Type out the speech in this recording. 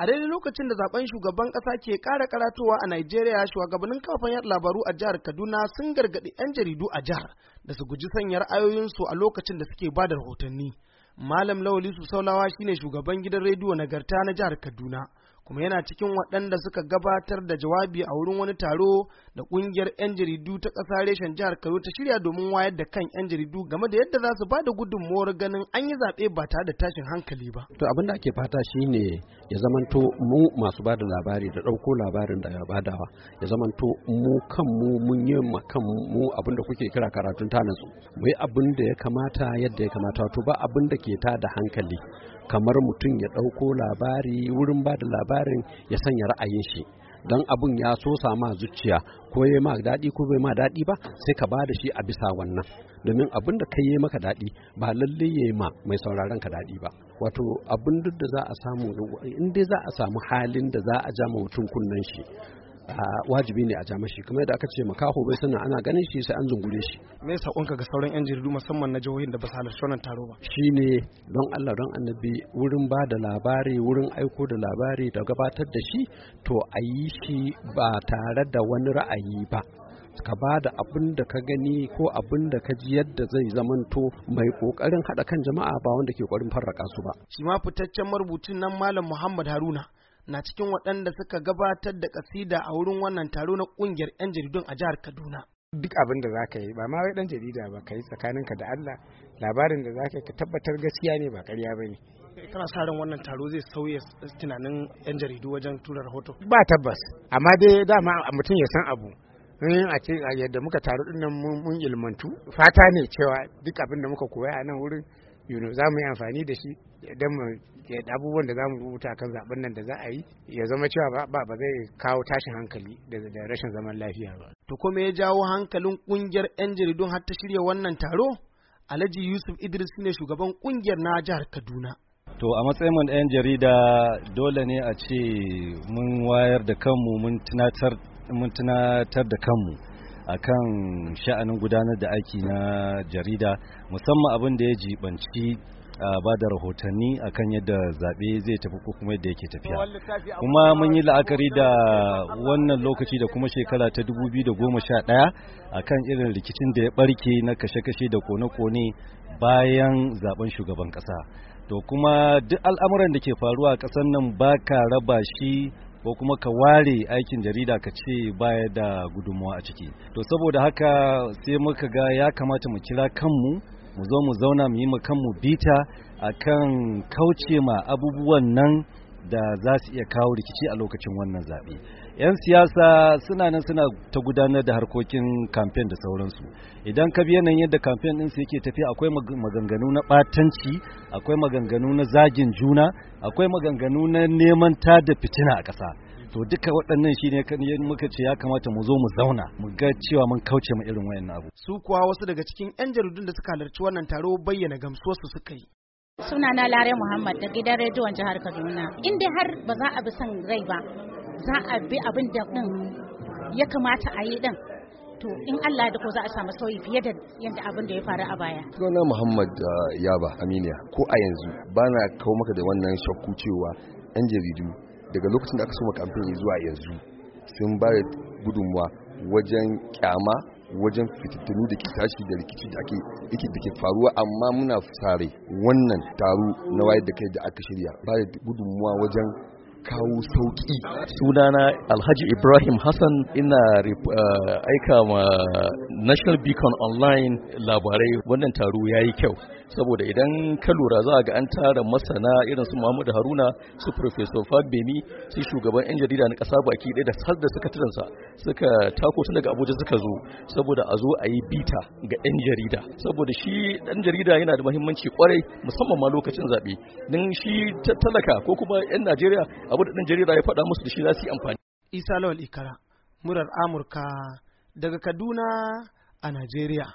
a daidai lokacin da zaben shugaban kasa ke kara karatowa a Najeriya shugabannin kafin yadda labaru a jihar Kaduna sun gargaɗi 'yan jaridu a jihar da su guji sanya ra'ayoyinsu a lokacin da suke ba da rahotanni. Malam Lawali Saulawa shine shugaban gidan rediyo Nagarta na jihar Kaduna. kuma yana cikin waɗanda suka gabatar da jawabi a wurin wani taro da ƙungiyar 'yan jaridu ta ƙasa reshen jihar Kano ta shirya domin wayar da kan 'yan jaridu game da yadda za su ba da gudunmuwar ganin an yi zaɓe ba tare da tashin hankali ba. To abin da ake fata shi ne ya zamanto mu masu ba da labari da ɗauko labarin da ya badawa ya zamanto mu kanmu mun yi ma kanmu abin da kuke kira karatun tanatsu mu yi abin da ya kamata yadda ya kamata to ba abin da ke ta da hankali kamar mutum ya ɗauko labari wurin ba da labarin ya sanya ra'ayin shi don abun ya so sama zuciya ko ya ma daɗi ko bai ma daɗi ba sai ka ba da shi a bisa wannan domin abin da kai yi maka daɗi ba lalle ya yi ma mai sauraron ka daɗi ba wato abin duk da za a samu in dai za a samu halin da za a ja mutum kunnen shi wajibi ne a ja mashi kamar yadda aka ce makaho bai sannan ana ganin shi sai an zungure shi me sakonka ga sauran yan jaridu musamman na jihohin da ba sa wannan taro ba shine don Allah don annabi wurin ba da labari wurin aiko da labari da gabatar da shi to a yi shi ba tare da wani ra'ayi ba ka ba da abin da ka gani ko abin da ka ji yadda zai zamanto mai kokarin haɗa kan jama'a ba wanda ke kwarin farraka su ba. Shi ma fitaccen marubucin nan Malam Muhammad Haruna na cikin waɗanda suka gabatar da kasida a wurin wannan taro na ƙungiyar 'yan jaridun a jihar Kaduna. Duk abin da za ka yi ba ma wai ɗan jarida ba ka yi tsakaninka da Allah labarin da za ka yi, ka tabbatar gaskiya ne ba ƙarya ba ne. Kana sa ran wannan taro zai sauya tunanin 'yan jaridu wajen tura rahoto? Ba tabbas, amma dai dama mutum ya san abu. a ce yadda muka taru din nan mun ilmantu fata ne cewa duk abin da muka koya a nan wurin za mu yi amfani da shi idan mu abubuwan da za mu rubuta kan zaben nan da za a yi ya zama cewa ba ba zai kawo tashin hankali da rashin zaman lafiya ba. To kuma ya jawo hankalin kungiyar 'yan jaridun har ta shirya wannan taro? Alhaji Yusuf Idris ne shugaban kungiyar na jihar Kaduna. To a matsayin mu 'yan jarida dole ne a ce mun wayar da kanmu mun tunatar mun tunatar da kanmu. akan sha'anin gudanar da aiki na jarida musamman abin da ya jibanci ba da rahotanni akan yadda zaɓe zai tafi ko kuma yadda yake tafiya kuma mun yi la'akari da wannan lokaci da kuma shekara ta 2011 akan irin rikicin da ya barke na kashe-kashe da kone-kone bayan zaben shugaban ƙasa to kuma duk al'amuran da ke faruwa a ƙasar nan ba ka raba shi ko kuma ka ware aikin jarida ka ce baya da gudunmawa a ciki to saboda haka sai muka ga ya kamata mu kira kanmu mu zo mu zauna mu yi mu kanmu bita kan kauce ma abubuwan nan da za su iya kawo rikici a lokacin wannan zaɓe. 'Yan siyasa suna nan suna ta gudanar da harkokin kamfen da sauransu. Idan ka bi yanayin yadda kamfen ɗinsu yake tafiya akwai maganganu na ɓatanci, akwai maganganu na zagin juna, akwai maganganu na neman da fitina a ƙasa. to duka waɗannan shi ne muka ce ya kamata mu zo mu zauna mu ga cewa mun kauce mu irin wayan abu su kuwa wasu daga cikin yan jaridun da suka halarci wannan taro bayyana gamsuwar su suka yi na lare muhammad da gidan rediyon jihar kaduna in dai har ba za a bi son rai ba za a bi abin da din ya kamata a yi din to in Allah da ko za a samu sauyi fiye da yadda abin da ya faru a baya. Sunana Muhammad ah, Yaba Aminiya ko a yanzu bana kawo maka da wannan shakku cewa 'yan jaridu daga lokacin da aka soma kamfen zuwa yanzu sun ba da gudunmuwa wajen kyama wajen fitattunu da tashi da rikici da ake yake da ke faruwa amma muna sare wannan taro na wayar da kai da aka shirya ba da gudunmuwa wajen kawo sauƙi sunana alhaji ibrahim hassan ina uh, aika ma national beacon online labarai wannan taro ya yi kyau saboda idan ka lura za ga an tara masana irin su muhammadu haruna su professor fabemi su shugaban yan jarida na ƙasa baki ɗaya da har da sakatarinsa suka tako tun daga abuja suka zo saboda a zo a yi bita ga yan jarida saboda shi ɗan jarida yana da muhimmanci kwarai musamman ma lokacin zaɓe don shi talaka ko kuma yan najeriya abu da ɗan jarida ya faɗa musu da shi za su yi amfani. Isa Lawal Ikara, murar Amurka daga Kaduna a Najeriya.